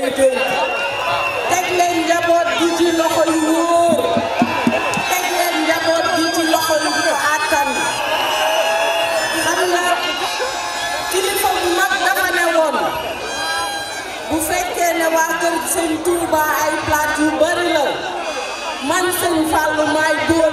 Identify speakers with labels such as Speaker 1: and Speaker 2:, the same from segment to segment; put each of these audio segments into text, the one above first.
Speaker 1: koy njaboot gi ci loxo yu wóor teg leen njaboot gi ci loxo yu ko bu fekkee ne waa kër sëñ Touba ay plate yu bari la man sëñ Fallou maay góor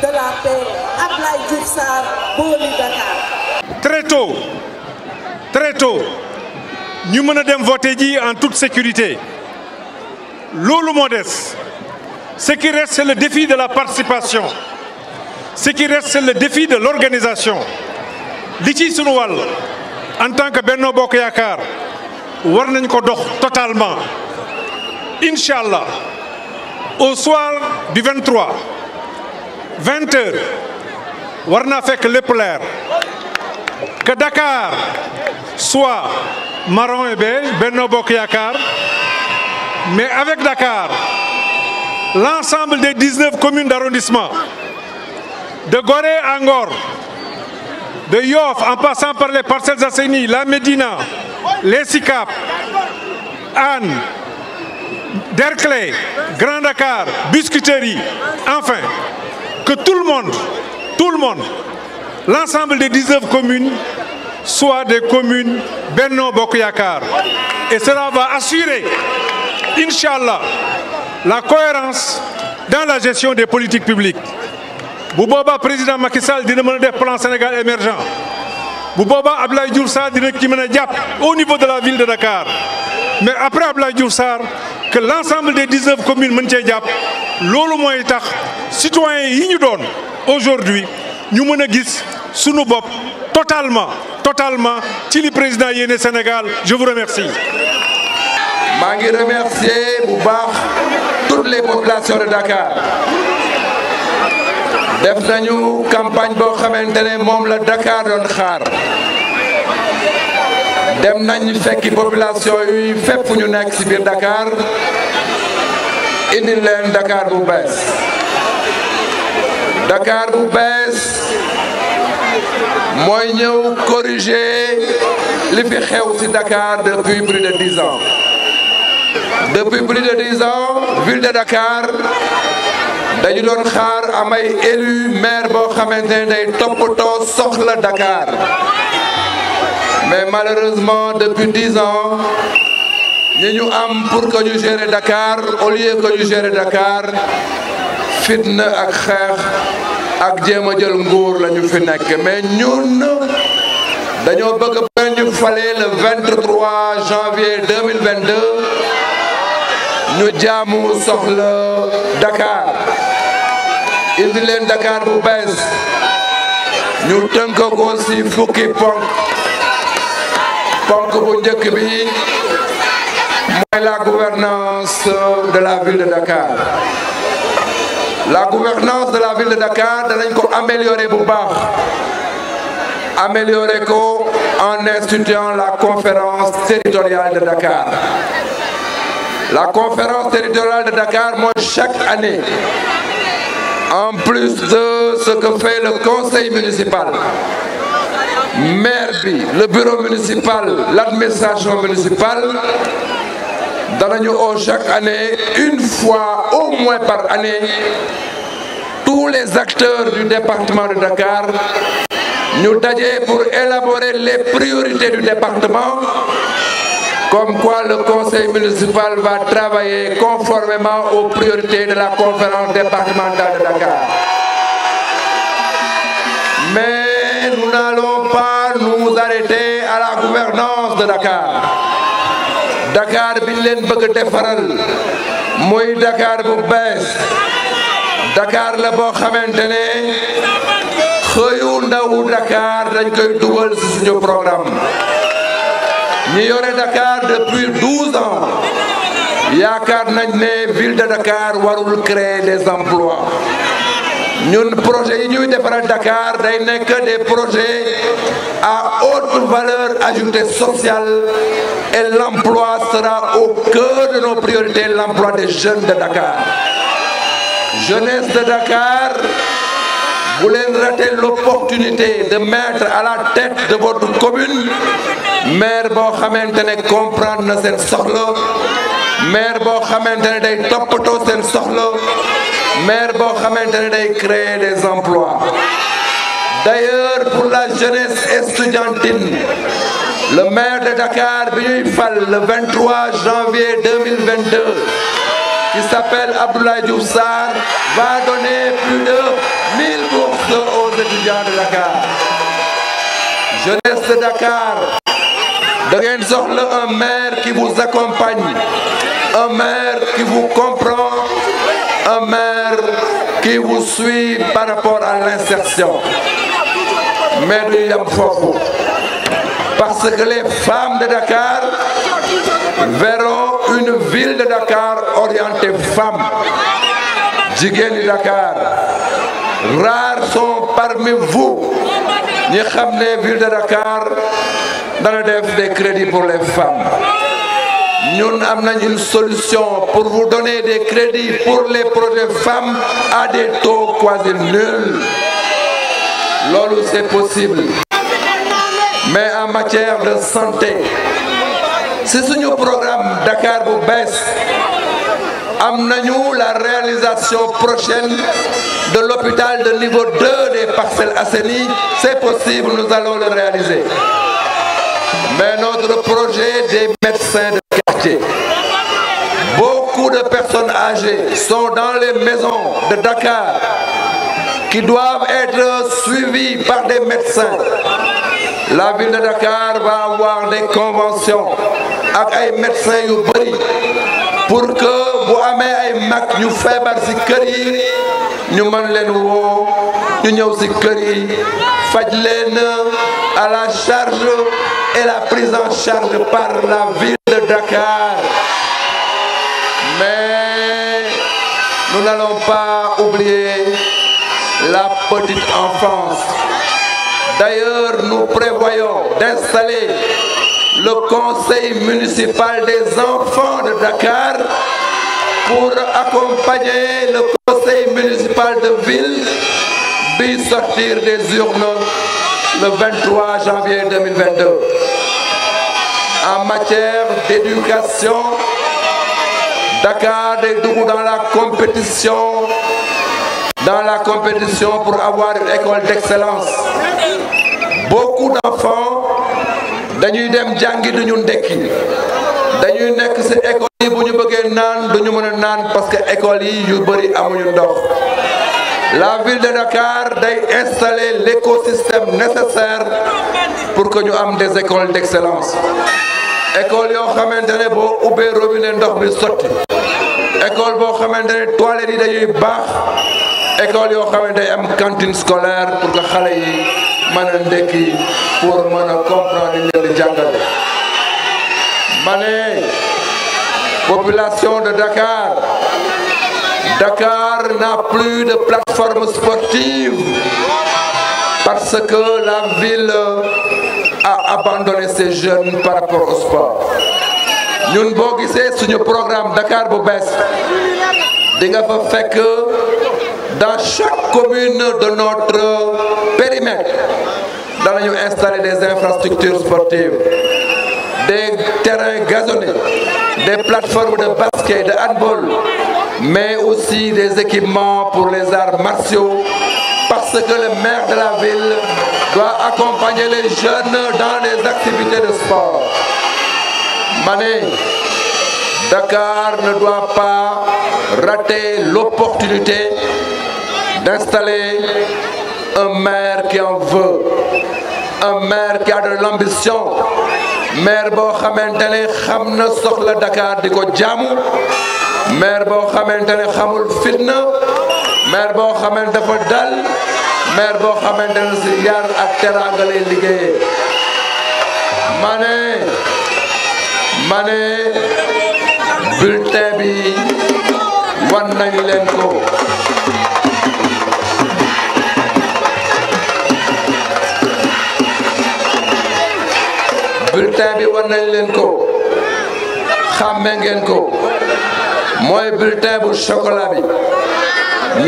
Speaker 2: de la paix, Ablaye
Speaker 1: Très tôt, très tôt, ñu mën a dem voter ji en toute sécurité loolu moo des ce qui reste c'est le défi de la participation ce qui reste c'est le défi de l'organisation li ci sunu wàll en tant que Benno Bokk Yaakaar war nañ ko dox totalement incha allah au soir du 23 vingt heures war naa fekk lépp leer que Dakar soit marron et beige Benno Yaakaar mais avec Dakar l'ensemble des dix-neuf communes d'arrondissement de Gorée à de Yoff en passant par les Parcelles Assainies la Médina les Sicap Hann Derklé Grand Dakar Biscuiterie enfin que tout le monde, tout le monde, l'ensemble des 19 communes soient des communes Benno Bokuyakar. Et cela va assurer, Inch'Allah, la cohérence dans la gestion des politiques publiques. Bouboba, président Macky Sall, dit demander plan Sénégal émergent. Bouboba, Ablaï Djoursar, dit au niveau de la ville de Dakar. Mais après Ablaï Djoursar, que l'ensemble des 19 communes Mentié loolu mooy tax citoyens yi ñu doon aujourd'hui ñu mën a gis sunu bopp totalement totalement ci li président yéene Sénégal je vous remercie. maa ngi remercier bu baax toutes les populations de Dakar
Speaker 2: def nañu campagne boo xamante ne moom la Dakar doon xaar dem nañ fekki population yi fépp ñu nekk ci biir Dakar. indi leen Dakar bu bees Dakar bu bees mooy ñëw corriger li fi xew ci Dakar depuis plus de dix ans depuis plus dix ans ville de Dakar dañu doon xaar amay élu maire boo xamante ne day toppatoo soxla Dakar mais malheureusement depuis dix ans ñi ñu am pour que ñu gérer Dakar au lieu que ñu gérer Dakar fitna ak xeex ak jéem a jël nguur la ñu fi ñun dañoo bëgg bañ ñu falee le 23 janvier 2022 ñu jaamu soxla Dakar indi leen Dakar bu bees ñu tënk ko fukki ponk ponk bu njëkk bi. mooy la gouvernance de la ville de Dakar la gouvernance de la ville de en instituant la conférence territoriale de Dakar la chaque année en plus de ce que fait le conseil municipal maire le bureau municipal l'administration municipale danañu oo chaque année une fois au moins par année tous les acteurs du département de Dakar ñu daje pour élaborer les priorités du département comme quoi le conseil municipal va travailler conformément aux priorités de la conférence départementale de Dakar. Mais nous n'allons pas nous arrêter à la gouvernance de Dakar. Dakar bi leen bëgg defaral muy Dakar bu bees Dakar la boo xamante ne xëyu ndawu Dakar dañ koy dugal ci suñu programme ñi yore Dakar depuis 12 ans yaakaar nañ ne ville de Dakar warul créer des emplois ñun projet yi ñuy defaral Dakar day nekk des projets à haute valeur ajoutée sociale et l'emploi sera au cœur de nos priorités l'emploi des jeunes de Dakar jeunesse de Dakar vous leen l'opportunité de mettre à la tête de votre commune maire boo xamante ne comprendre na seen soxla xamante ne day toppatoo maire boo xamante ne day créer des emplois d'ailleurs pour la jeunesse estudiantine le maire de Dakar bi ñuy le janvier qui s'appelle Abdoulaye Diouf va donner plus de 1000 bourses aux étudiants de Dakar jeunesse de Dakar da ngeen soxla un maire qui vous accompagne un maire qui vous comprend un maire qui vous suit par rapport à l'insertion mais du yam foofu parce que les femmes de Dakar verront une ville de Dakar orientée femme jigéen ñi Dakar rares sont parmi vous ñi xam ville de Dakar dana def des crédits pour les femmes ñun am nañ une solution pour vous donner des crédits pour les projets femmes à des taux quasi nuls loolu c'est possible mais en matière de santé si suñu programme Dakar bu bees am nañu la réalisation prochaine de l'hôpital de niveau 2 des Parcelles Assainies c'est possible nous allons le réaliser mais notre projet des médecins de quartier. Beaucoup de personnes âgées sont dans les maisons de Dakar qui doivent être suivies par des médecins. La ville de Dakar va avoir des conventions ak ay médecins yu bëri pour que bu amee ay mag ñu feebar ci kër ñu mën leen woo ñu ñëw ci kër yi faj leen à la charge et la prise en charge par la ville de Dakar mais nous n'allons pas oublier la petite enfance d'ailleurs nous prévoyons d'installer le conseil municipal des enfants de Dakar pour accompagner le conseil municipale de ville bi sortir des urnes le 23 janvier 2022 en matière d'éducation Dakar day dugg dans la compétition dans la compétition pour avoir une école d'excellence beaucoup d'enfants dañuy dem jàngi duñu ndekki dañuy nekk ci école yi bu ñu bëggee naan duñu mën a naan parce que école yi yu bari amuñu ndox la ville de Dakar day installer l'écosystème nécessaire pour que ñu am des écoles d'excellence école yoo xamante ne boo ubbee robinet ndox bi sotti école boo xamante ne toilettes yi dañuy baax école yoo xamante ne am cantine scolaire pour que xale yi mën a ndekki pour mën a comprendre li di jàngale ma population de Dakar Dakar n'a plus de plateforme sportive parce que la ville a abandonné ses jeunes par rapport au sport ñun boo gisee suñu programme Dakar bu bees di nga fa fekk dans chaque commune de notre périmètre danañu installer des infrastructures sportives des terrains gazonnés des plateformes de basket de handball mais aussi des équipements pour les arts martiaux, parce que le maire de la ville doit accompagner les jeunes dans les activités de sport. Mané, Dakar ne doit pas rater l'opportunité d'installer un maire qui en veut, un maire qui a de l'ambition, maire boo xamante ne xam na soxla Dakar di ko maire boo xamante ne xamul fitna maire boo xamante dafa dal maire boo xamante ne si yar ak teraanga lay liggéeyee ma ne nañu leen ko bulletin bi wan nañu leen ko ngeen ko mooy bulletin bu chocolat bi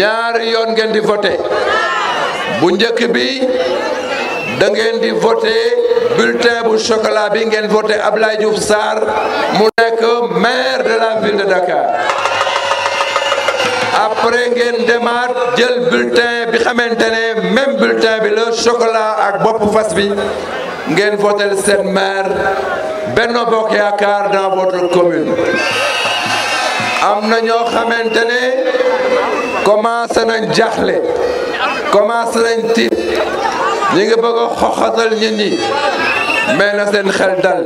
Speaker 2: ñaari yoon ngeen di voté bu njëkk bi da ngeen di voté bulletin bu chocolat bi ngeen voté Ablaye Diouf Sarr mu nekk maire de la ville de Dakar après ngeen demaat jël bulletin bi xamante ne même bulletin bi la chocolat ak bopp fas bi ngeen voté seen maire Benno Bokk Yaakaar dans votre commune. am na ñoo xamante ne commencé nañ jaxle commencé nañ tiit ñi ngi bëgg a xoxatal nit ñi mais na seen xel dal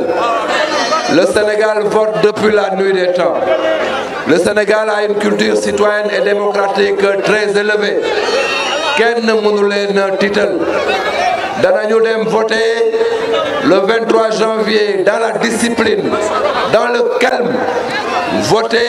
Speaker 2: le Sénégal vote depuis la nuit des temps le Sénégal a une culture citoyenne et démocratique très élevée kenn mënu leen tiital danañu dem voter le 23 janvier dans la discipline dans le calme voter